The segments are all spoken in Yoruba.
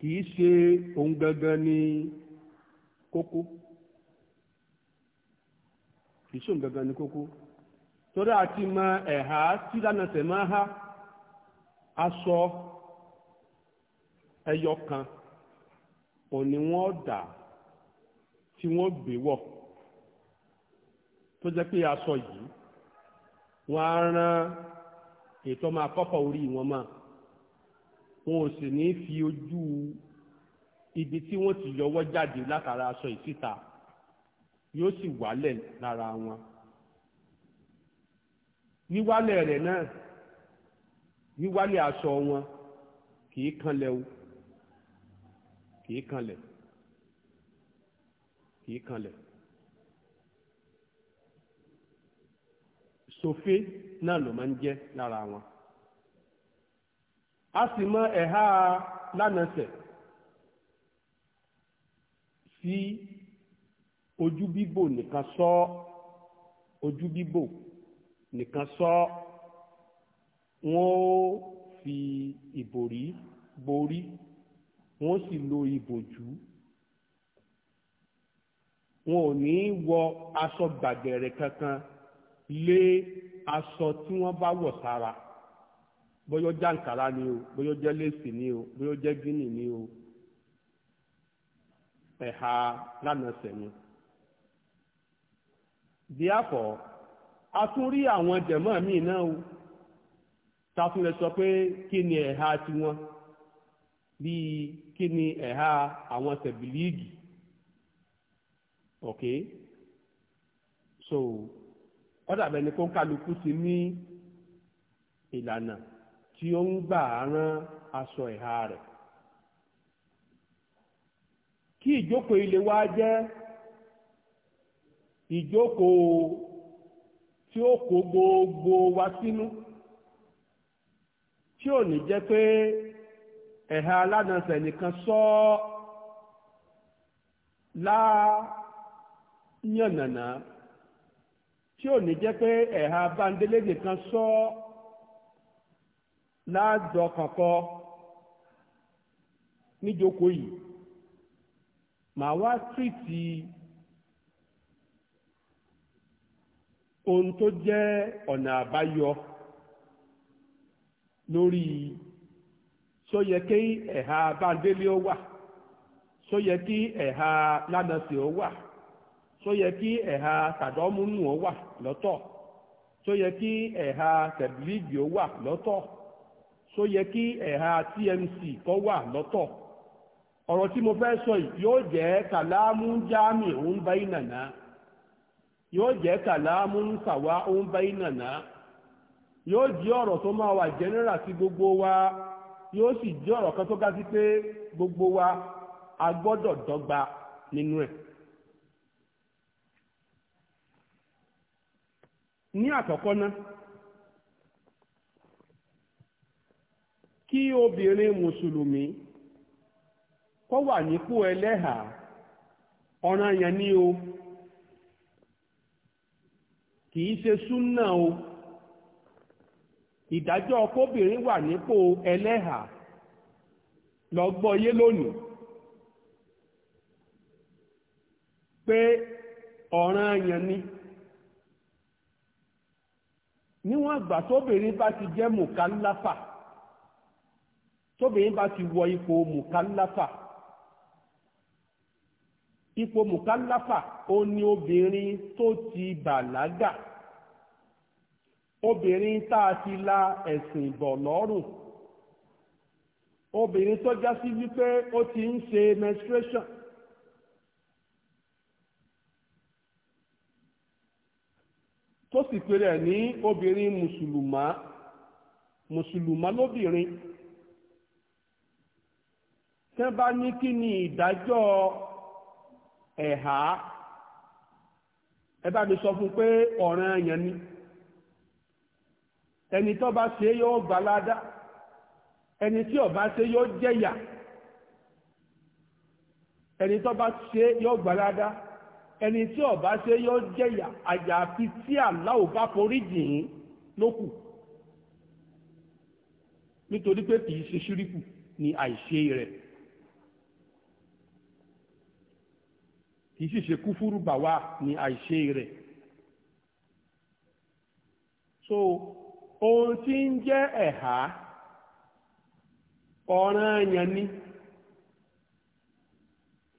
kìí í ṣe ohun gangan ni kókó kì ṣe ohun gangan kókó torí àti mọ ẹ̀há tí aṣọ ẹyọ kan òní wọ́n dà tí wọ́n gbé wọ̀ tó jẹ́ pé aṣọ yìí wọ́n á rán ètò máa orí wọn wọn ò sì ní fi ojú ibi tí wọ́n ti yọwọ́ jáde látara aṣọ ìsíta yóò sì wálẹ̀ lára wọn wíwálẹ̀ rẹ̀ náà wíwálẹ̀ aṣọ wọn kìí kanlẹ̀ o kìí kanlẹ̀ kìí kanlẹ̀ sofe náà ló máa ń jẹ́ lára wọn a sì mọ ẹ̀há lánàṣẹ̀ sí ojú bíbò nìkan sọ ojú bíbò nìkan sọ wọn ó fi ìbòrí borí wọn ó sì lo ìbòjú wọn ò ní wọ aṣọ gbàgẹ̀rẹ̀ kankan lé aṣọ tí wọ́n bá wọ̀ sára bóyá jẹ́ àǹkárá ni o bóyá jẹ́ lẹ́sì ni o bóyá jẹ́ gíní ni o ẹ̀ha lánàá sẹ̀yìn. díàfọ̀ a tún rí àwọn jẹ̀mọ́ míì náà o ta tún lè sọ pé kí ni ẹ̀ha tiwọn bíi kí ni ẹ̀ha àwọn sẹ̀bìlíìgì ok so ọ̀dàbẹ̀ ni kó kálukú ti ní ìlànà. E tí ó ń gbà rán aṣọ ìhà rẹ̀ kí ìjókòó ilé wa jẹ́ ìjókòó tí ó kó gbogbo wa sínú tí ò ní jẹ́ pé ẹ̀ha alánàṣẹ̀ nìkan sọ ọ́ láyànnànà tí ò ní jẹ́ pé ẹ̀ha bándélé sọ ọ́ láàjọ kankan níjókòó yìí màá wá tìrìtì ohun tó jẹ ọ̀nà àbáyọ lórí sóyẹ kí ẹ̀ha báńdélé ó wà sóyẹ kí ẹ̀ha lánàsì ó wà sóyẹ kí ẹ̀ha tàdọ́múnú ó wà lọ́tọ̀ sóyẹ kí ẹ̀ha tẹ̀bílíìgì ó wà lọ́tọ̀. so yẹ kí ẹ̀ha TMC kọ́ wà lọ́tọ̀ ọ̀rọ̀ tí mo fẹ́ sọ yìí yóò jẹ́ kàlámù jáàmì òun bá ìnànà yóò jẹ́ kàlámù sàwá òun bá ìnànà yóò jẹ́ ọ̀rọ̀ tó máa wà general sí gbogbo wa yóò sì jẹ́ ọ̀rọ̀ kan tó ga sí pé gbogbo wa a gbọ́dọ̀ dọ́gba nínú ẹ̀. ní àkọ́kọ́ náà kí obìnrin mùsùlùmí kó wà nípò ẹlẹ́hà ọ̀ràn yẹn ni o kì í ṣe súnà o ìdájọ́ kóbìnrin wà nípò ẹlẹ́hà lọ́gbọ́yé lónìí pé ọ̀ràn yẹn ni níwọ̀n àgbà tóbìnrin bá ti jẹ́ mùkálàfà tóbìnrin bá ti wọ ipò mùkálàfà ipò mùkálàfà ó ní obìnrin tó ti bàlágà obìnrin tá a ti la ẹ̀sìn bọ̀ lọ́rùn obìnrin tó já sí wípé ó ti ń ṣe menstruation tó sì pèrè ní obìnrin mùsùlùmá mùsùlùmá lóbìnrin tẹ́ bá ní kí ni ìdájọ́ ẹ̀há ẹ bá mi sọ fún pé ọ̀ràn ẹ̀yàn ni ẹni tó bá ṣe yóò gbà ládá ẹni tí ó bá ṣe yóò jẹ̀yà ẹni tó bá ṣe yóò gbà ládá ẹni tí ó ṣe yóò jẹ̀yà àyàfi tí Allah bá forí jìn ló nítorí pé kì í ṣe ṣíríkù ni àìṣe rẹ̀. kì í sì ṣe kúfúrú bà wá ní àìṣe rẹ̀ so ohun tí ń jẹ́ ẹ̀há ọ̀ranyàn ni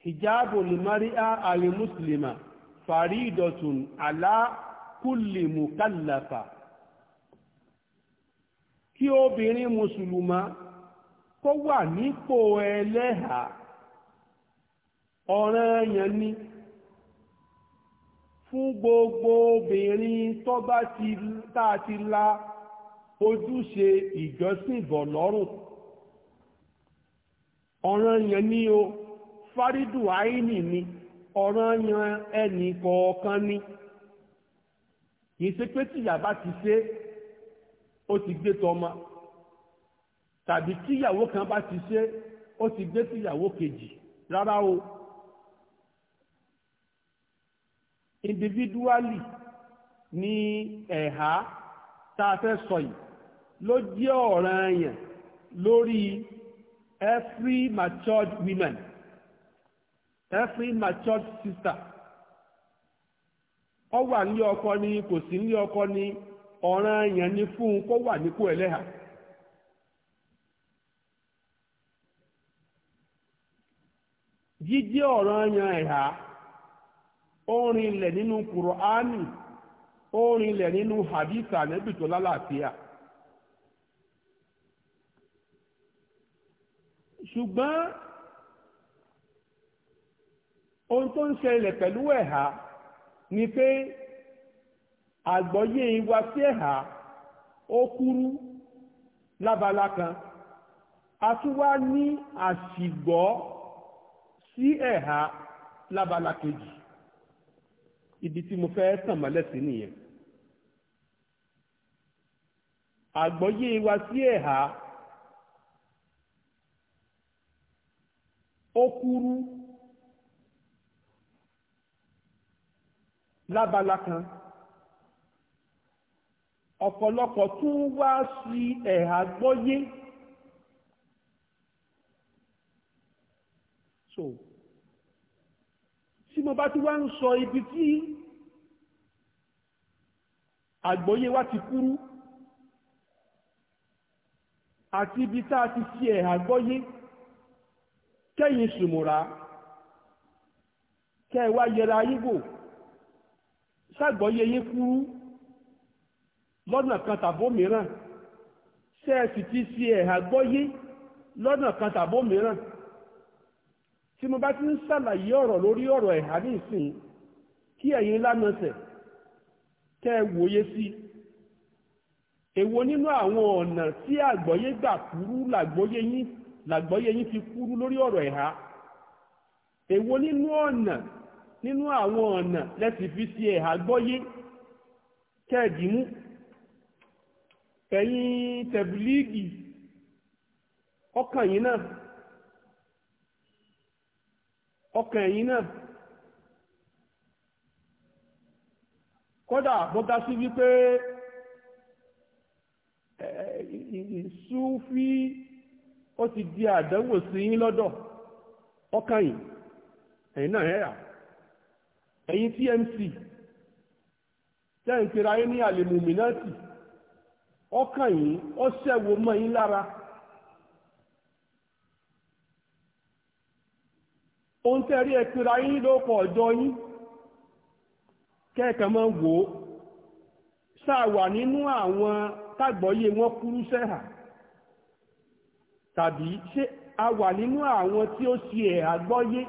hijabu limari'a alimuslima faridotun ala kulli mukallafa kí obìnrin mùsùlùmá kó wà nípò ẹlẹ́hàá ọ̀ranyàn ni fún gbogbo obìnrin tó bá ti tá a ti la ojúṣe ìjọsìn bọ̀ lọ́rùn ọ̀ràn yẹn ni o fárídù àìní ni ọ̀ràn yẹn ẹnì kọ̀ọ̀kan ni kìí ṣe pé tíyà bá ti ṣe ó ti gbé tọmọ tàbí tíyàwó kan bá ti ṣe ó ti gbé tíyàwó kejì rárá o. individually ní ẹ̀há tá a fẹ́ sọ yìí ló jẹ́ ọ̀ranyàn lórí every matured women every matured sister ọ wà ní ọkọ ni kò sí ní ọkọ ni ọ̀ranyàn ni fún un kó wà nípò ẹlẹ́hà. jíjẹ́ ọ̀ranyàn ẹ̀há. E ó rinlẹ̀ nínú kùrọ̀ánì ó rinlẹ̀ nínú hadith ànẹ́bì tó lálàáfíà ṣùgbọ́n ohun tó ń ṣẹlẹ̀ pẹ̀lú ẹ̀há ni pé àgbọ́yé wa sí ẹ̀há ó kúrú lábala kan a tún wá ní àṣìgbọ́ sí ẹ̀há lábala kejì ibi tí mo fẹ́ tàn mọ́lẹ̀ sí nìyẹn àgbọ́yé wa sí ẹ̀há ó kúrú lábala kan ọ̀pọ̀lọpọ̀ tún wá sí ẹ̀há gbọ́yé so tí mo bá ti wá ń sọ ibi tí àgbọ́yé wa ti kúrú àti ibi tá a ti fi ẹ̀hà gbọ́yé kẹ́yìn sùmùrà kẹwàá yẹra yíbò ṣàgbọ́yé yín kúrú lọ́nà kan tàbó mìíràn ṣẹ́ẹ̀sì ti fi ẹ̀hà gbọ́yé lọ́nà kan tàbó mìíràn tí mo bá ti ń ṣàlàyé ọ̀rọ̀ lórí ọ̀rọ̀ ẹ̀há ní ìsìn kí ẹ̀yin lánàṣẹ̀ kẹ́ ẹ wòye sí èwo nínú àwọn ọ̀nà tí àgbọ́yé gbà kúrú làgbọ́yé yín làgbọ́yé yín fi kúrú lórí ọ̀rọ̀ ẹ̀há èwo nínú ọ̀nà nínú àwọn ọ̀nà lẹ́ti fi sí ẹ̀há gbọ́yé kẹ́ẹ̀dìmú ẹ̀yin tẹ̀bílíìgì ọkàn yín náà ọkàn ẹ̀yìn náà kódà bó dá sí wípé ìsúfí ó ti di àdánwò sí yín lọ́dọ̀ ọkàn ẹ̀yìn náà ẹ̀yà ẹ̀yìn tmc tẹ́ ń yín ní àlèmùmí náà sì ọkàn ó ṣẹ̀wò mọ́ yín lára. ohun tẹ́ rí ẹ̀pìnra yín ló kọ̀ yín kẹ́ẹ̀kan máa wò ó ṣàwà nínú àwọn tágbọ́yé wọn kúrú sẹ́hà tàbí ṣé a wà nínú àwọn tí ó ṣe ẹ̀hà gbọ́yé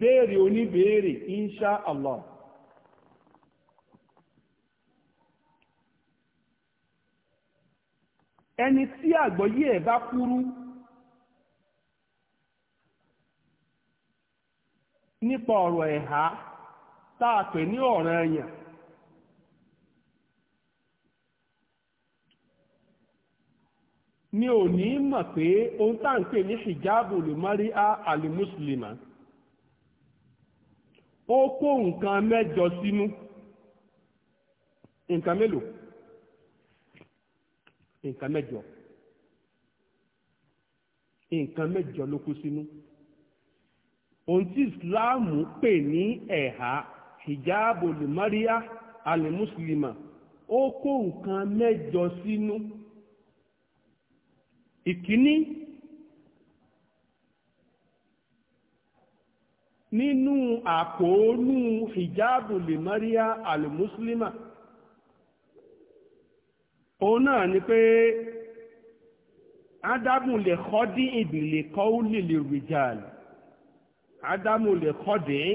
méjì yẹn insha Allah ẹni tí àgbọ́yé ẹ̀ bá kúrú nípa ọ̀rọ̀ ẹ̀há tá a pè ní ọ̀ràn ẹ̀yàn ni ò ní mọ̀ pé ohun tá ń pè ní hijabu lumari a alimuslima ó kó nǹkan mẹ́jọ sínú nǹkan mélòó nǹkan mẹ́jọ nǹkan mẹ́jọ ló kú sínú ohun tí ìsìláàmù pè ní ẹ̀há hijabu limaria alimuslima ó kó nǹkan mẹ́jọ sínú ìkíní nínú àkóónú hijabu limaria alimuslima òun náà ni pé ádámù lè kọ́ dín ìbìlẹ̀ kọ́ ó lè lè rìjàlì ádámù lè kọ́ dín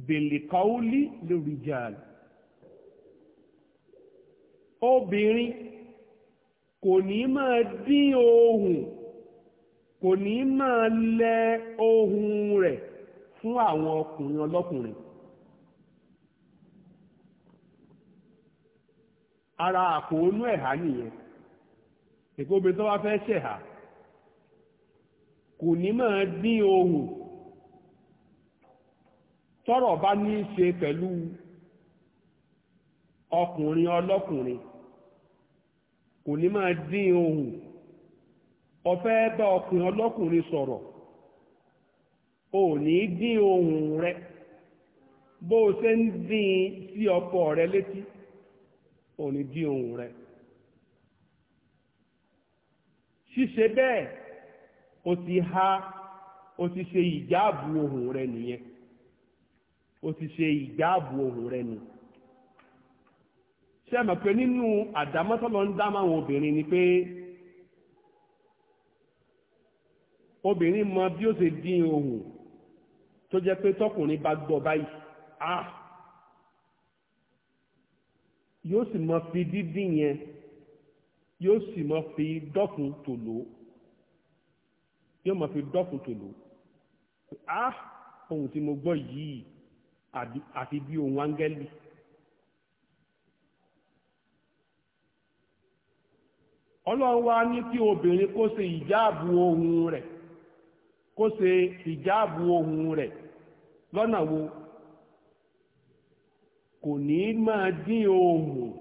ìbìlẹ̀ kọ́ ó lè lè rìjàlì obìnrin kò ní máa dín ohùn kò ní máa lẹ ohùn rẹ̀ fún àwọn ọkùnrin ọlọ́kùnrin ara àkóónú ẹ̀há nìyẹn èkó obìnrin tó bá fẹ́ ṣẹ̀há kò ní máa dín ohùn tọ́rọ̀ bá ní í ṣe pẹ̀lú ọkùnrin ọlọ́kùnrin kò ní máa dín ohùn ọ fẹ́ bá ọkùnrin ọlọ́kùnrin sọ̀rọ̀ o ní dín ohùn rẹ bó o ṣe ń dín sí ọkọ rẹ létí. òní di ohun re ṣíṣe bẹ́ẹ̀ o ha o ti ṣe ìjáàbù re rẹ̀ nìyẹn o ti ṣe ìjáàbù ohun rẹ̀ nù ṣe mọ̀ pé nínú àdámọ́tọ́lọ́ ń dá máwọn obìnrin ni pé obìnrin mọ bí ó ṣe dín ohùn tó jẹ́ pé tọkùnrin bá ah yóò sì mọ fi dídín yẹn yóò sì mọ fi dọ́kun tòló yóò mọ fi dọ́kun tòló a ah! ohun tí mo gbọ́ yìí àti bí ohun áńgẹ́lì. ọlọ́run wá ní kí obìnrin kó ṣe ìjáàbù ohun rẹ̀ kó ṣe ìjáàbù ohun rẹ̀ lọ́nà wo kò ní máa dín ohùn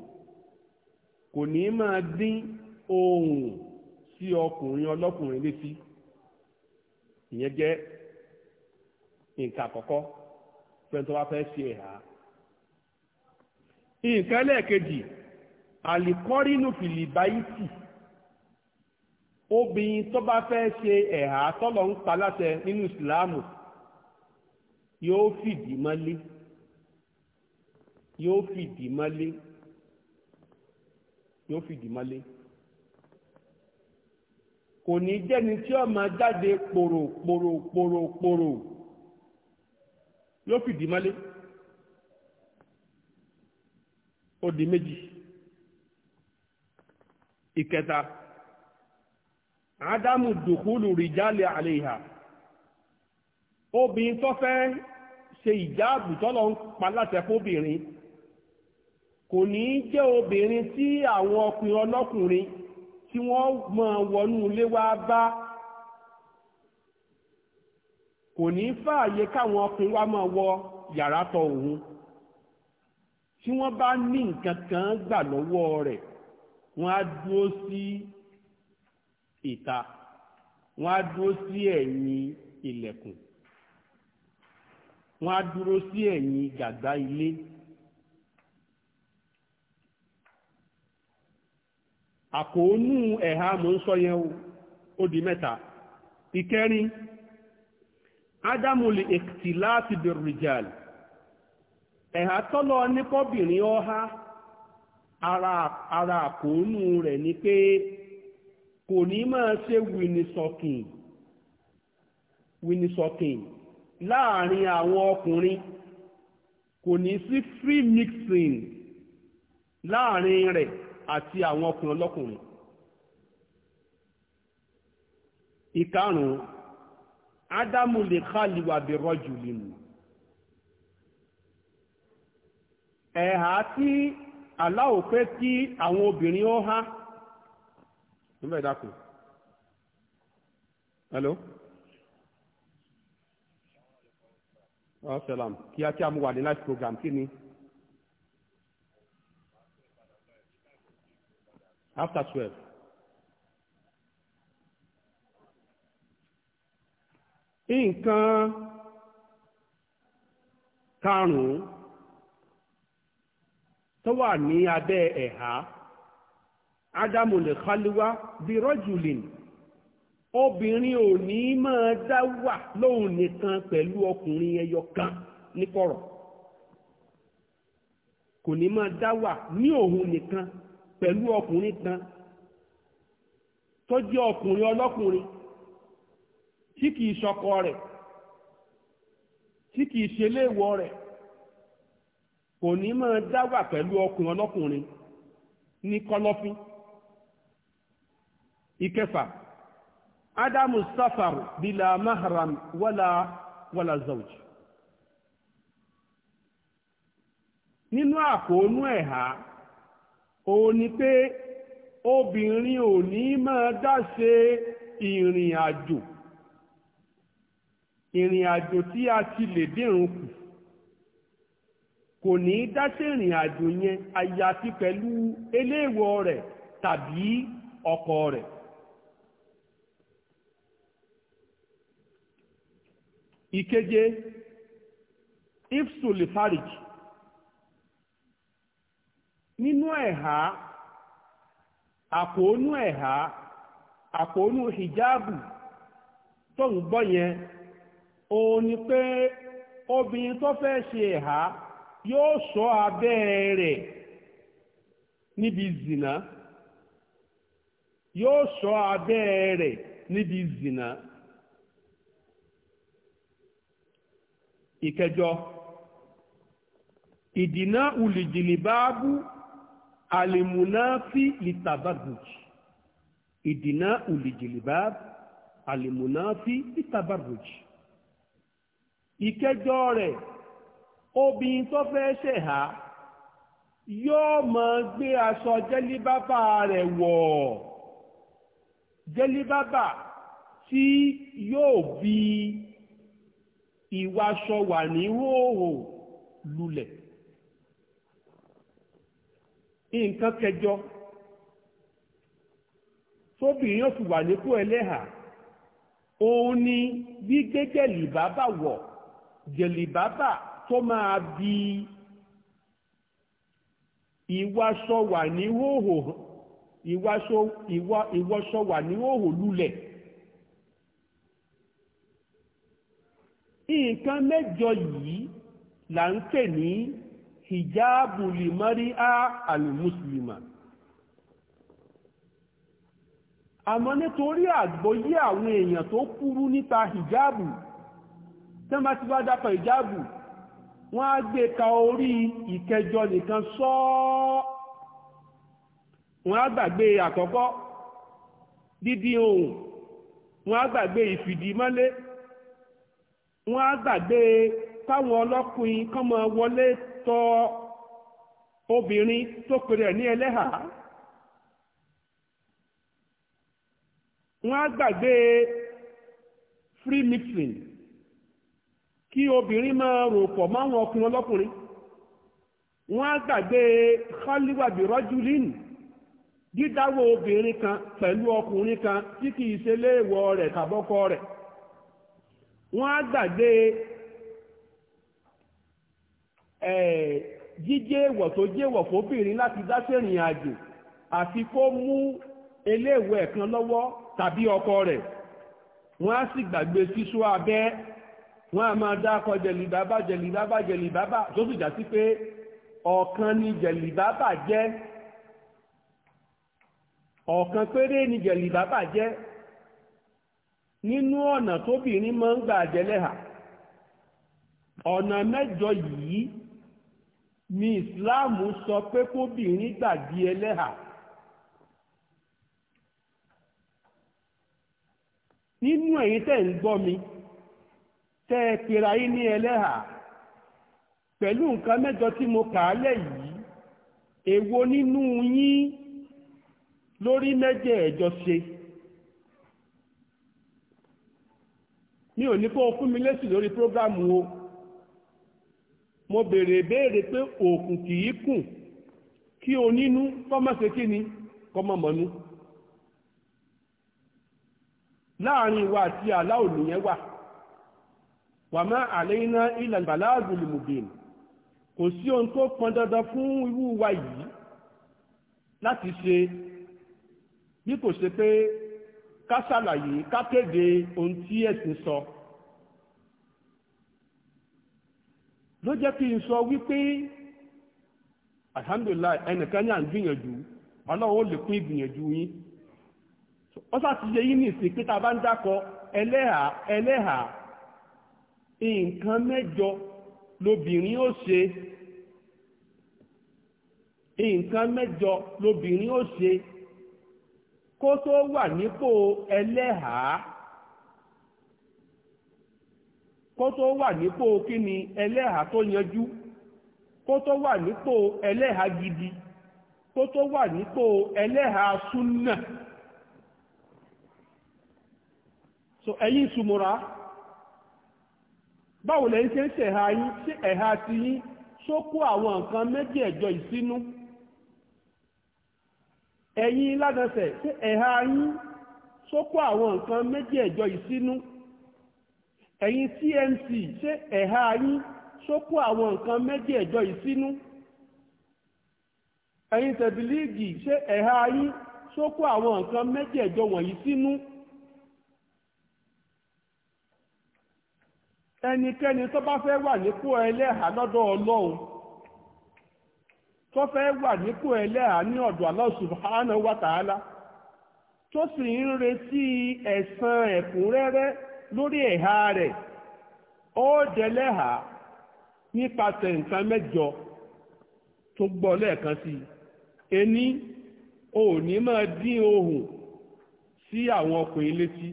kò ní máa dín ohùn sí ọkùnrin ọlọ́kùnrin létí ìyẹn jẹ́ nǹkan àkọ́kọ́ fẹ́ni tó bá fẹ́ ṣe ẹ̀há nǹkan ẹlẹ́ẹ̀kejì àlìkọ́rínù fìlìbáyìtì obìnrin tó bá fẹ́ ṣe ẹ̀há tọ́lọ̀ ń pa láṣẹ nínú ìsìláàmù yóò fìdí mọ́lé yóò fìdí mọ́lé yóò fìdí kò ní jẹ́ni tí ọ máa jáde pòrò pòrò pòrò pòrò yóò fìdí mọ́lé ó méjì ìkẹta ádámù dùkúlù rìjálè àléhà obìnrin tó fẹ́ ṣe ìjáàbù ń pa obìnrin kò ní jẹ́ obìnrin tí àwọn ọkùnrin ọlọ́kùnrin tí wọ́n mọ̀ wọnú ilé wá bá kò ní fààyè káwọn ọkùnrin wá máa wọ yàrá tọ̀ òun tí wọ́n bá ní nǹkan kan gbà lọ́wọ́ rẹ̀ wọ́n á dúró sí ìta wọ́n á dúró sí ẹ̀yìn ilẹ̀kùn wọ́n á dúró sí ẹ̀yìn gàgbá ilé. àkóónú ẹ̀há mò ń sọ yẹn ó di mẹ́ta ìkẹrin ádámùlì ìtìláàtì bẹ̀rùjàl ẹ̀há tọ́lọ nípọ́bìnrin ọha ara àkóónú rẹ̀ ni pé kò ní máa ṣe wìnìsọ̀kìn láàrin àwọn ọkùnrin kò ní sí free mixing láàrin rẹ̀ àti àwọn ọkùnrin ọlọ́kùnrin ìkarùn ádámù lè khaliwa bi rajulin ẹ̀hà tí aláwò pé kí àwọn obìnrin ó há nígbà ìdákùn hello wa salam kíákíá mú wà ní live program kí ni after 12. nǹkan karùn-ún tó wà ní abẹ́ ẹ̀há ádámù lè kálíwá bí rọ́jùlìn obìnrin ò ní máa dá wà lóhun nìkan pẹ̀lú ọkùnrin ẹyọ kan níkọ̀rọ̀ kò ní máa dá wà ní òun nìkan pẹ̀lú ọkùnrin kan tó jẹ́ ọkùnrin ọlọ́kùnrin tí kìí ṣọkọ rẹ̀ tí kìí ṣe léèwọ̀ rẹ̀ kò ní máa dáwà pẹ̀lú ọkùnrin ọlọ́kùnrin ní kọ̀lọ̀fín ìkẹfà ádámù sáfàrù bílà mahram wàlà wàlà zawj nínú àkóónú ẹ̀há e òun ni pé obìnrin ò ní máa dáṣe ìrìn àjò ìrìn àjò tí a ti lè dírun kù kò ní dáṣe ìrìn àjò yẹn àyàfi pẹ̀lú eléèwọ rẹ̀ tàbí ọkọ rẹ̀. ìkeje ifsul farij nínú ẹ̀há àpòónú ẹ̀há àpòónú hijabu tó ń gbọ́ yẹn òun ni pé obìnrin tó fẹ́ ṣe ẹ̀há yóò sọ abẹ́ rẹ̀ níbi zìnà yóò sọ abẹ́ rẹ̀ níbi zìnà ìkẹjọ ìdìná ulìjìlì alimunafi litabarruj ìdìnnà òlìjìlìbáb alimunafi litabarruj ìkẹjọ rẹ̀ obìnrin tó fẹ́ ṣẹ̀há yóò máa gbé aṣọ jẹ́líbábà rẹ̀ wọ̀ jẹ́líbábà tí yóò bí ìwàṣọ wà ní hóhò lulẹ̀ nǹkan kẹjọ tóbìnrin yóò fi wà nípò ẹlẹ́hà òun ni gbígbé jẹ̀lìbábà wọ̀ jẹ̀lìbábà tó máa bi ìwàṣọ wà ní hóhò ìwàṣọ ìwọṣọ wà ní hóhò lulẹ̀. nǹkan mẹ́jọ yìí là ń pè ní hijabu limari a muslima àmọ́ nítorí àgbọ́yé àwọn èèyàn tó kúrú nípa hijabu tí wọ́n ti bá dápọ̀ hijabu wọ́n á gbé ka orí ìkẹjọ nìkan sọ́ọ́ wọ́n á gbàgbé àkọ́kọ́ dídí ohun wọ́n á gbàgbé wọ́n á gbàgbé ọlọ́kùnrin tọ obìnrin tó pèrè ní ẹlẹ́hà wọ́n á gbàgbé free mixing kí obìnrin máa rò pọ̀ máwọn ọkùnrin ọlọ́kùnrin wọ́n á gbàgbé hollywood rọ́júlín dídáwó obìnrin kan pẹ̀lú ọkùnrin kan tí kìí ṣe léèwọ̀ rẹ̀ tàbọ́kọ rẹ̀ wọ́n á gbàgbé jíjẹ́ èèwọ̀ tó jẹ́ èèwọ̀ fóbìnrin láti dáṣẹ́ ìrìn àjò àti kó mú eléèwọ̀ ẹ̀kan lọ́wọ́ tàbí ọkọ rẹ̀ wọ́n á sì gbàgbé sísú abẹ́ wọ́n á máa dákọ jẹ̀lìbábà jẹ̀lìbábà jẹ̀lìbábà tó sì já pé ọ̀kan ni jẹ̀lìbábà jẹ́ ọ̀kan péré ni jẹ̀lìbábà jẹ́ nínú ọ̀nà tóbìnrin máa ń gbà jẹ́lẹ́hà ọ̀nà mẹ́jọ yìí ni islamu sọ pé kóbìnrin gbàgbé ẹlẹ́hà nínú ẹ̀yin tẹ́ ń gbọ́ mi tẹ́ ẹ pera yín mo kà á lẹ̀ yìí èwo nínú yín lórí mẹ́jẹ̀ẹ̀jọ ṣe mi ò ní kó o fún mi lórí prógámù o. mo béèrè béèrè pé òkun kì í kùn kí onínú kọ́mọ̀ṣe kí ni kọ́mọ̀mọ́nú láàrin ìwà àti aláwò nìyẹn wà wà má àlẹ́yìnà ilẹ̀ ìbàláàgùn lùmùbìn kò sí ohun tó pọn dandan fún irú wa yìí láti ṣe bí kò ṣe pé ká ṣàlàyé ohun tí ẹ̀sìn sọ. So ló jẹ́ kí n sọ wípé alhamdulilayi ẹnìkan ní à ń gbìyànjú ọlọ́run ó lè kún ìgbìyànjú yín ó sàti yẹ yín nìsín pé tá a bá ń dákọ ẹlẹ́hà ẹlẹ́hà nǹkan mẹ́jọ lobìnrin ó ṣe nǹkan mẹ́jọ lobìnrin ó ṣe kó tó wà nípò ẹlẹ́hàá kó tó wà nípò kí ni ẹlẹ́hàá tó yanjú kó tó wà nípò ẹlẹ́hàá gidi kó tó wà nípò ẹlẹ́hàá súnà so ẹ̀yin sùmùrà báwo lẹ́yìn ṣe ń ṣe ẹ̀ha yín ṣe ẹ̀ha ti yín ṣó àwọn nǹkan méjì ẹ̀jọ ìsínú ẹ̀yin ládàṣẹ̀ ṣe ẹ̀ha yín ṣó àwọn nǹkan méjì ẹ̀jọ ìsínú Eyin CMC ṣe ẹ̀ha yín àwọn nǹkan méjì ẹ̀jọ́ yìí sínú tẹ̀bílíìgì yín àwọn nǹkan méjì ẹ̀jọ́ wọ̀nyí sínú ẹnikẹ́ni bá fẹ́ wà nípò ẹlẹ́hà lọ́dọ̀ ọlọ́run tó wà nípò ẹlẹ́hà ní ọ̀dọ̀ Allah subhanahu tó sì lórí ẹ̀há rẹ̀ ó dẹlẹ́hà nípasẹ̀ nǹkan mẹ́jọ tó gbọ́ lẹ́ẹ̀kan sí ení o ní máa dín ohùn sí àwọn ọkùnrin létí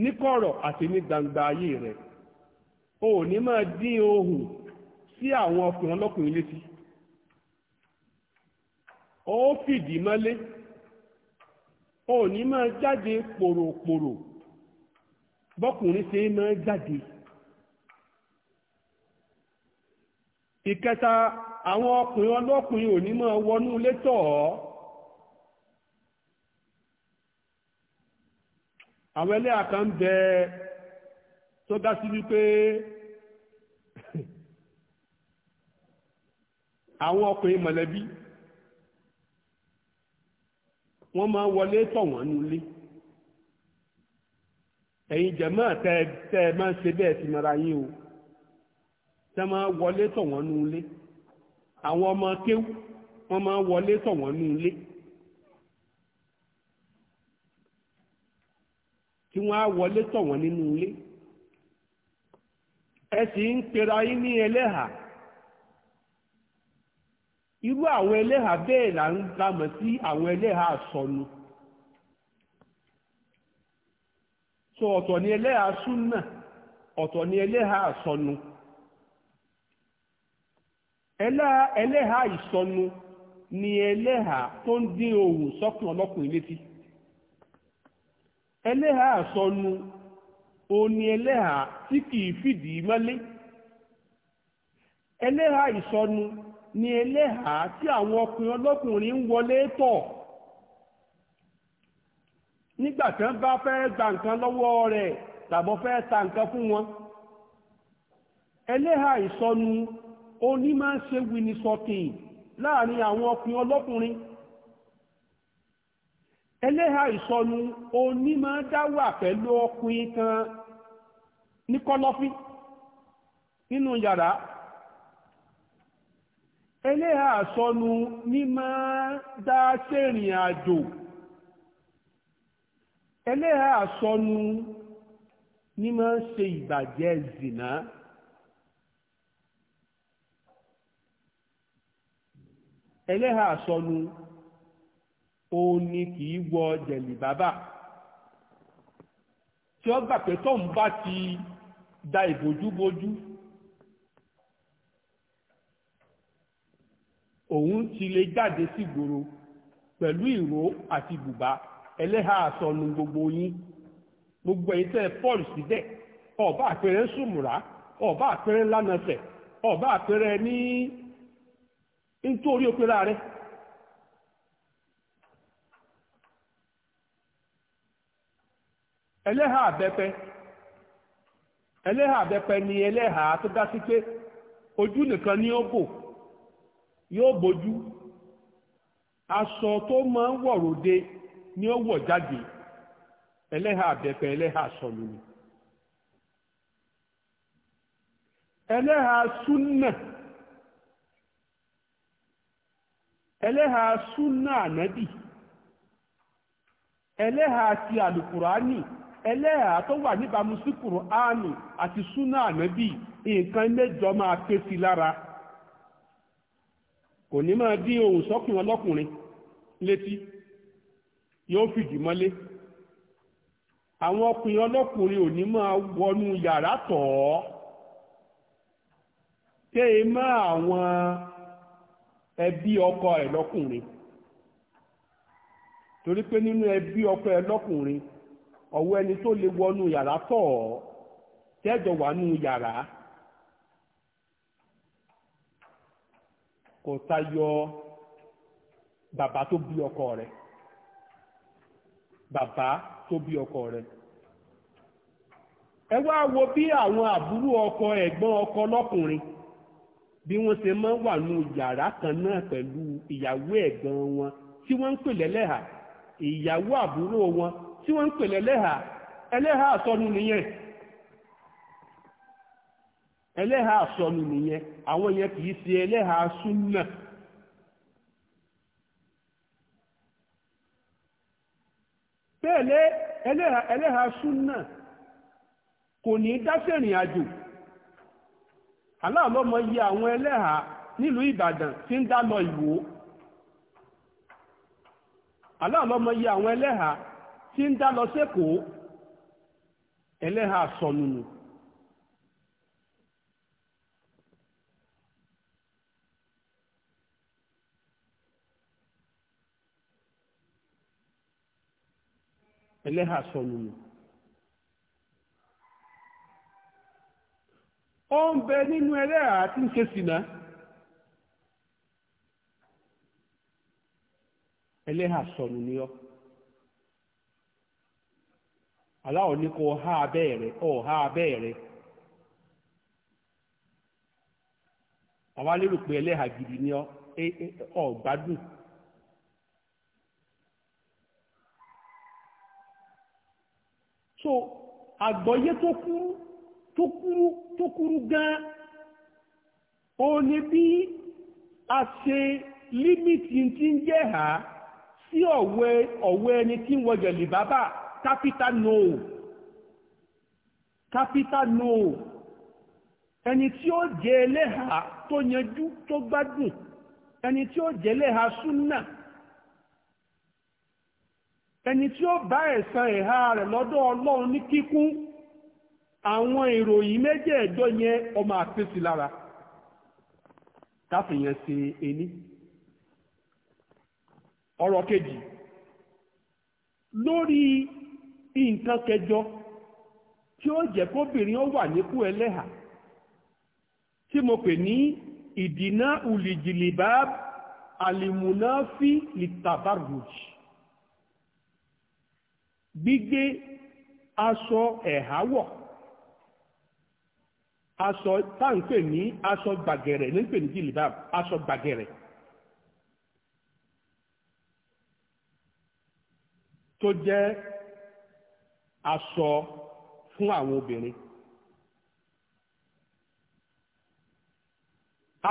ní àti ní gbangba ayé rẹ̀ o ní máa dín ohùn sí àwọn ọkùnrin ọlọ́kùnrin létí ó fìdí mọ́lé ò ní máa jáde pòròpòrò bọ́kùnrin ṣe máa jáde ìkẹta àwọn ọkùnrin ọlọ́kùnrin ò ní máa wọnú ilé tọ̀ ọ́ àwọn ẹlẹ́yà kan bẹ tó dá sí wípé àwọn ọkùnrin mọ̀lẹ́bí wọ́n máa wọlé tọ̀ wọ́n nulé ẹ̀yin jẹ̀mọ́ tẹ́ tẹ́ ẹ máa ṣe bẹ́ẹ̀ ti mara yín o tẹ́ máa wọlé tọ̀ wọ́n nulé àwọn ọmọ kéwú wọ́n máa wọlé tọ̀ wọ́n nulé tí wọ́n á wọlé tọ̀ wọ́n nínú ilé ẹ ń pera yín ní ẹlẹ́hàá. irú àwọn ẹlẹ́hà bẹ́ẹ̀ la mọ̀ sí àwọn ẹlẹ́hà sọnù so ọ̀tọ̀ ni ẹlẹ́hà súnà ọ̀tọ̀ ni ẹlẹ́hà sọnù ẹlẹ́hà ìsọnù ni ẹlẹ́hà tó ń dín ohùn sọ́kàn ọlọ́kùnrin létí ẹlẹ́hà o ni ẹlẹ́hà tí kìí fìdí mọ́lé ẹlẹ́hà ni eléhàá tí àwọn ọkùnrin ọlọ́kùnrin ń wọlé tọ̀ nígbà tí wọ́n bá fẹ́ gba nǹkan lọ́wọ́ rẹ̀ tàbọ̀ fẹ́ ta nǹkan fún wọn eléhàá ìsọnù oní máa ń ṣe winisọ̀kì láàrin àwọn ọkùnrin ọlọ́kùnrin eléhàá ìsọnù oní máa ń dá wà pẹ̀lú ọkùnrin kan ní kọ́lọ́fín nínú yàrá eléyà àsọnù ní dá sẹ́rìn àjò eléyà ṣe ìbàjẹ́ zìnà eléyà àsọnù òun ni kì í wọ jẹ̀lì bàbà tí ó gbà pé tóun bá ti da ìbòjúbojú. òun ti lè jáde sígboro pẹ̀lú ìró àti bùbá ẹlẹ́hà àsọnu gbogbo yín gbogbo ẹ̀yin tẹ́ paul síbẹ̀ ọba àpẹẹrẹ sùmùrà ọba àpẹẹrẹ lánàfẹ̀ ọba àpẹẹrẹ ní nítorí òpèrà rẹ̀ ẹlẹ́hà ẹlẹ́hà ni ẹlẹ́hà tó dá sí pé ni ó yóò bojú aṣọ tó máa ń wọ̀rọ̀dé ni ó wọ̀ jáde ẹlẹ́hà àbẹ̀pẹ̀ ẹlẹ́hà sọnù ni ẹlẹ́hà súnà ẹlẹ́hà súnà ànábì ẹlẹ́hà ti àlùkùránì ẹlẹ́hà tó wà níbàámu sí kùránì àti súnà ànábì nǹkan mẹ́jọ máa kò ní máa dín ohùn sọ́kùn ọlọ́kùnrin létí yóò fìdí mọ́lé àwọn ọkùnrin ọlọ́kùnrin ò ní máa wọnú yàrá tọ̀ ọ́ má àwọn ẹbí ọkọ ẹ̀ lọ́kùnrin torí pé nínú ẹbí ọkọ ẹ̀ lọ́kùnrin ọ̀wọ́ ẹni tó lè wọnú yàrá tọ̀ ọ́ tẹ́jọ wà nú yàrá. kò ta tayọ bàbá tó bí ọkọ rẹ bàbá tó bí ọkọ rẹ. ẹ wá wo bí àwọn àbúrò ọkọ ẹ̀gbọ́n ọkọ lọ́kùnrin bí wọ́n ṣe máa ń wà nù yàrá kan náà pẹ̀lú ìyàwó ẹ̀gbọ́n wọn tí wọ́n ń pè lẹ́lẹ́hà ìyàwó àbúrò wọn tí wọ́n ń pè lẹ́lẹ́hà ẹlẹ́hà àsọnù nìyẹn ẹlẹ́ha àsọnù nìyẹn àwọn yẹn kì í ṣe ẹlẹ́ha súnà tẹ́lẹ̀ ẹlẹ́ha súnà kò ní dáṣẹ̀rìn àjò aláàlọ́mọ yí àwọn ẹlẹ́ha nílùú Ìbàdàn tí ń dá ìwò. Ìwó aláàlọ́mọ yí àwọn ẹlẹ́ha tí ń dá lọ ẹlẹ́ha sọnù nù. eleha sọnù nù. ó ń bẹ nínú ẹlẹ́hà tí ń ṣe sìnà. ẹlẹ́hà sọnù ni ọ́. ní kò ha ọ̀ àwa lérò pé gidi ni gbádùn. so àgbọ́yé tó kúrú tó kúrú tó kúrú gan o ni bí a ṣe límìtì tí ń jẹ́ ha sí ọ̀wẹ́ ọ̀wẹ́ ẹni tí ń wọjẹ̀ lè bábà capital no capital no ẹni tí ó jẹ́ ẹlẹ́ha tó tó gbádùn ẹni tí ó jẹ́ ẹlẹ́ha ẹni tí ó bá ẹ̀san ẹ̀há rẹ̀ lọ́dọ̀ ọlọ́run ní kíkún àwọn ìròyìn méjèèjọ yẹn ọmọ àpèsè lára káfíyàn sí ení ọ̀rọ̀ kejì lórí nǹkan kẹjọ tí ó jẹ́ kóbìnrin ó wà nípò ẹlẹ́hà tí mo pè ní ìdínà ulìjìlìbá alimunafi litabarruj gbígbé aṣọ ẹ̀háwọ̀ aṣọ táǹpẹ̀ ní aṣọ gbàgẹ̀rẹ̀ ní pè ní jìlìbáàbù aṣọ gbàgẹ̀rẹ̀ tó jẹ́ aṣọ fún àwọn obìnrin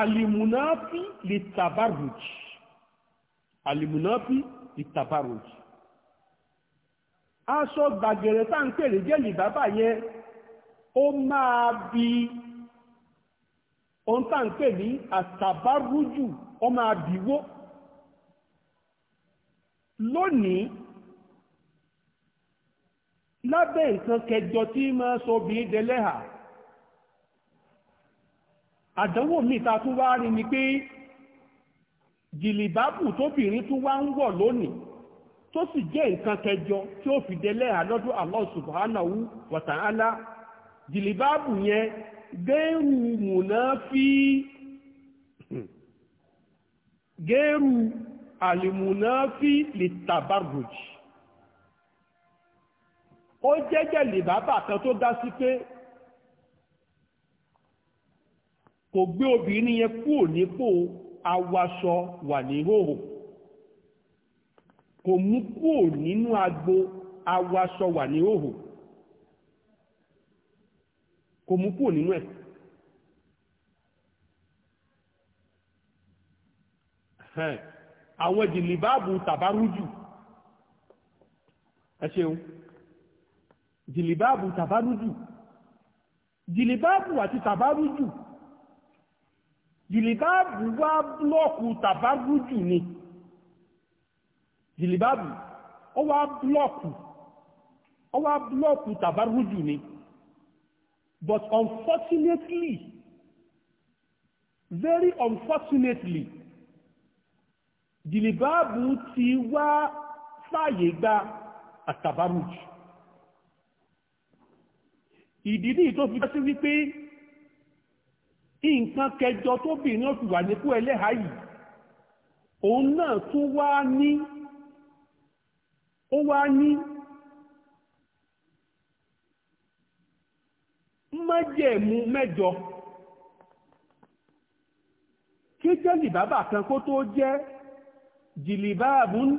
alimunafi litabaruj alimunafi litabaruj aṣọ gbàgẹ̀rẹ̀ tá ń pèrè bàbá yẹn ó máa bi ohun tá ń pè ní àtàbárújù ó máa bìwó lónìí lábẹ́ nǹkan kẹjọ tí máa sọ bí dẹlẹ́hà àdánwò míì ta tún wá rí ni pé jìlìbábù tóbìnrin tún wá ń wọ̀ lónìí tó sì jẹ́ nǹkan kẹjọ tí ó fi délẹ̀ àlọ́dún Allah subhanahu wa ta'ala jìlìbáàbù yẹn gẹ́rù mùnáfí gẹ́rù àlìmùnáfí lè tàbárùjì ó jẹ́ jẹ̀lìbábà kan tó dá sí pé kò gbé obìnrin yẹn kúrò nípò awaṣọ wà ní hóhò kò mú kúò nínú agbo awaṣọ wà ní òhò kò mú kúò nínú ẹ̀ àwọn jìlìbáàbù tàbárújù ẹ ṣeun jìlìbáàbù tàbárújù jìlìbáàbù àti tàbárújù jìlìbáàbù wá búlọ́ọ̀kù tàbárújù ni jìlìbáàbù ó wá búlọ́ọ̀kù ó wá búlọ́ọ̀kù tàbárùjù ni but unfortunately very unfortunately jìlìbáàbù ti wá fàyè gba àtàbárùjù ìdí ní tó fi sí wípé nǹkan kẹjọ tóbìnrin ó fi wà nípò ẹlẹ́hàá yìí òun náà tún wá ní ó wá ní májẹ̀mú mẹ́jọ kí jẹ́lìbábà kan kó tó jẹ́ jìlìbáàbùn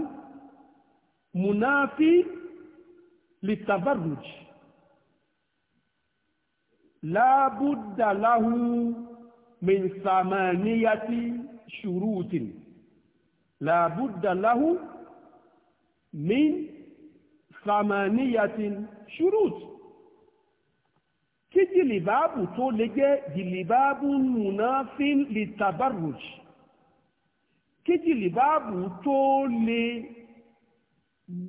mùnáfí lìtàbàrùjì lábúdàláhù mìsàmàníyàtí ṣùrùtìn lábúdàláhù min samaniyatin shurut kí jìlìbáàbù tó lè jẹ́ jìlìbáàbù munafin litabarruj kí jìlìbáàbù tó lè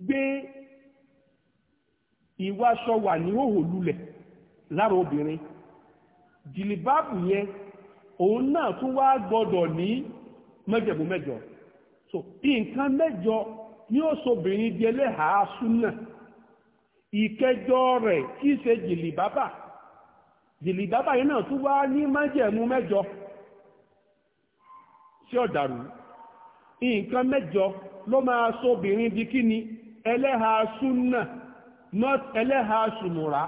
gbé ìwáṣọ wà ní òhò lulẹ̀ lára obìnrin jìlìbáàbù yẹn òun náà tún wá gbọ́dọ̀ ní mẹ́jẹ̀bù mẹ́jọ so nǹkan mẹ́jọ yóò sobìnrin di ẹlẹ́hàá súnà ìkẹjọ rẹ̀ kì í ṣe jìlìbábà jìlìbábà yìí náà tún wá ní májẹ̀mú mẹ́jọ sí ọ̀dàrú nǹkan mẹ́jọ ló máa sobìnrin di kíni ẹlẹ́hàá súnà not ẹlẹ́hàá sùmùrà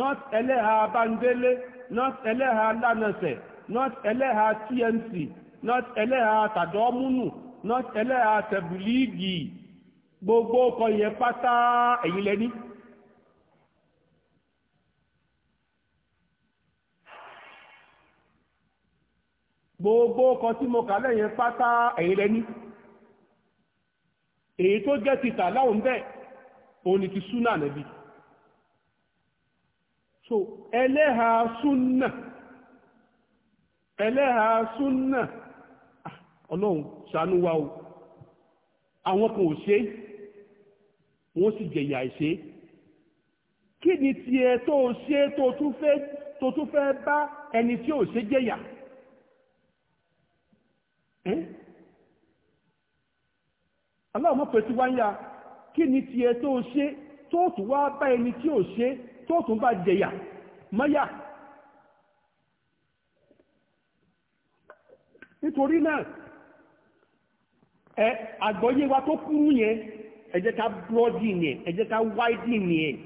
not ẹlẹ́hàá bandélé not ẹlẹ́hàá lánàṣẹ̀ not ẹlẹ́hàá tmc not ẹlẹ́hàá tàdọ́múnù not ẹlẹ́hàá tẹ̀bùlíìgì gbogbo ọkọ̀ yẹn pátá ẹ̀yin lẹ́ni gbogbo ọkọ̀ tí mo kà lẹ́yìn pátá ẹ̀yin lẹ́ni èyí tó jẹ́ ti tà láwọn bẹ́ẹ̀ òun ni ti súnà nẹ́bí so ẹlẹ́ha súnà ẹlẹ́ha súnà ah, ọlọ́run ṣàánú wa o àwọn kan ò ṣe é wọ́n sì jẹ̀yà àìṣe kí ni tiẹ̀ tó o ṣe tó tún fẹ́ tó tún fẹ́ bá ẹni tí ò ṣe jẹ̀yà aláwọ̀ mọ̀ pé tí wá ń ya kí ni tiẹ̀ tó o ṣe tó tún wá bá ẹni tí ò ṣe tó tún bá jẹ̀yà mọ́yà nítorí náà ẹ àgbọ́yé wa tó kúrú yẹn ẹ jẹ́ ká bọ́ọ̀dì yẹn ẹ jẹ́ ká wáìdì yẹn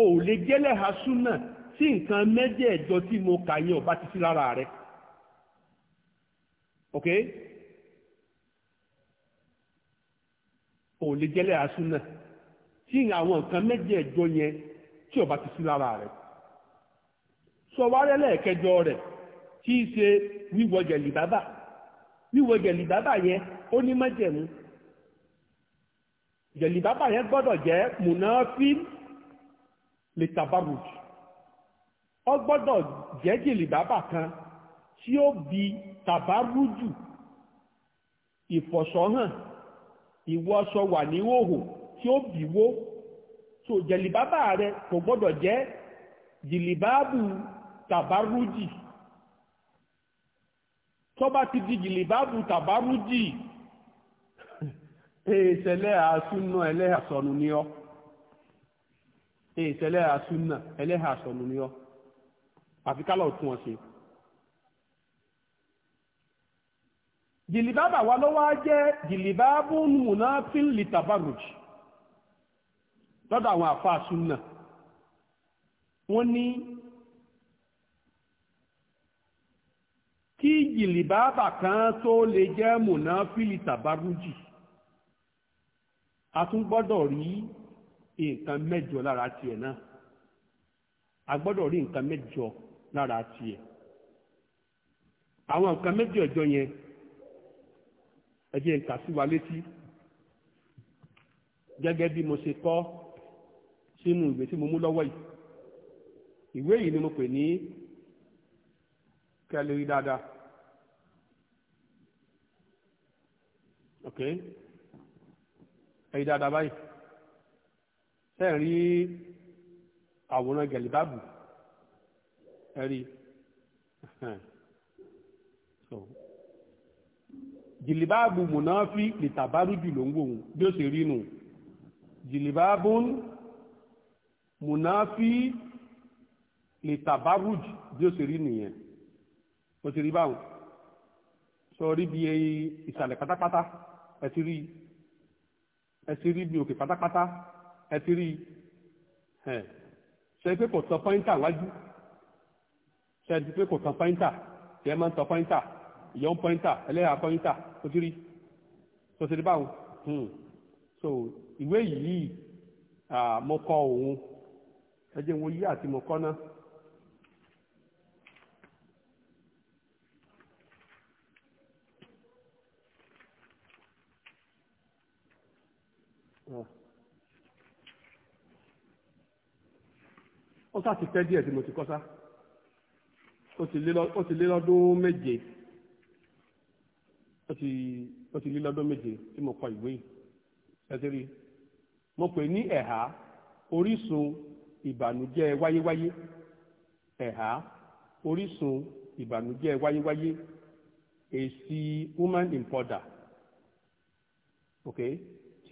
o ò lè jẹ́lẹ̀ ha súnà tí nǹkan mẹ́jẹ̀ẹ̀jọ tí mo kà yẹn ò bá ti sí lára rẹ̀ ok o ò lè jẹ́lẹ̀ ha súnà tí àwọn nǹkan mẹ́jẹ̀ẹ̀jọ yẹn tí ò bá ti sí lára rẹ̀ sọ wárẹ́ lẹ́ẹ̀kẹjọ rẹ̀ tí í ṣe wíwọ jẹ̀lì bàbà wíwọ jẹ̀lì bàbà yẹn ó ní mẹ́jẹ̀mú jẹ̀lìbábà yẹn gbọ́dọ̀ jẹ́ munafil lè tabaruj ó gbọ́dọ̀ jẹ́ jẹ̀lìbábà kan tí ó bi tabarujù ìfọ̀sọ́hàn ìwọṣọ wà ní òhò tí ó bìwó so jẹ̀lìbábà rẹ kò gbọ́dọ̀ jẹ́ jìlìbáàbù tabarujì tó bá ti di jìlìbáàbù tabarujì. èèṣẹ̀lẹ́ àásúnà ẹlẹ́hàsọ̀nù ni ọ́ èèṣẹ̀lẹ́ àásúnà ẹlẹ́hàsọ̀nù ni ọ́ àfi kálọ̀ tún ọ ṣe. jìlìbábà wa ló wá jẹ́ jìlìbábù múnáfín lìtàbárùj lọ́dọ̀ àwọn àfáà súnà wọ́n ní kí jìlìbábà kan tó lè jẹ́ múnáfín lìtàbárùjì. a tún gbọ́dọ̀ rí nǹkan mẹ́jọ lára tiẹ̀ náà a gbọ́dọ̀ rí nǹkan mẹ́jọ lára tiẹ̀ àwọn nǹkan mẹ́jọ ẹ̀jọ yẹn ẹ jẹ́ n kà sí wa létí gẹ́gẹ́ bí mo ṣe kọ́ sínú ìwé tí mo mú lọ́wọ́ yìí ìwé yìí ni mo pè ní kẹlẹ́rí dáadáa ok ẹ̀yìn dáadáa báyìí ṣe ń rí àwòrán gẹ̀lìbáàbù ẹ̀rí jìlìbáàbù mùnáfí lìtàbárùjù ló ń wò ó bí ó ṣe rí nù jìlìbáàbù mùnáfí lìtàbárùjù bí ó ṣe rí nìyẹn ó ti rí báwọn sọ rí bí ìsàlẹ̀ pátápátá ẹ ti rí i ẹ ti rí bí òkè pátápátá ẹ ti rí ẹ ṣe pé kò tán pọ́ńtà wájú ṣe ti pé kò tán pọ́ńtà ìyẹn máa ń tán pọ́ńtà ìyẹn ń pọ́ńtà ẹlẹ́yà pọ́ńtà ó ti rí tó ti rí báwọn hmm. so ìwé yìí mo kọ òun ẹ jẹ́ wọn yí àti mo kọ́ náà. ó sá ti pẹ́ díẹ̀ tí mo ti kọ́ sá ó ti lé lọ́dún méje ó ti lé lọ́dún méje tí mo kọ ìwé ẹ̀sẹ̀rí mo pè ní ẹ̀há orísun ìbànújẹ́ wáyéwáyé ẹ̀há orísun ìbànújẹ́ woman in powder okay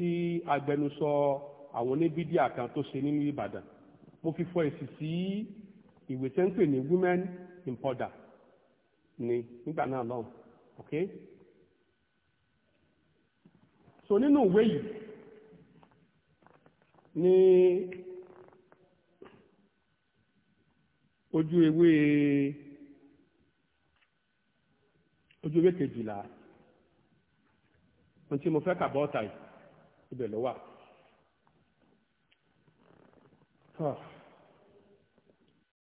tí agbẹnusọ àwọn oníbídíà kan tó ṣe nínú Ìbàdàn mo fi fọ èsì sí ìwé tẹ́ ń pè ní women in powder ni nígbà náà lọ́hùn ok so nínú ìwé yìí ní ojú ewé ojú ewé kejìlá ohun tí mo fẹ́ kà bọ́ọ̀tà yìí ibẹ̀ ló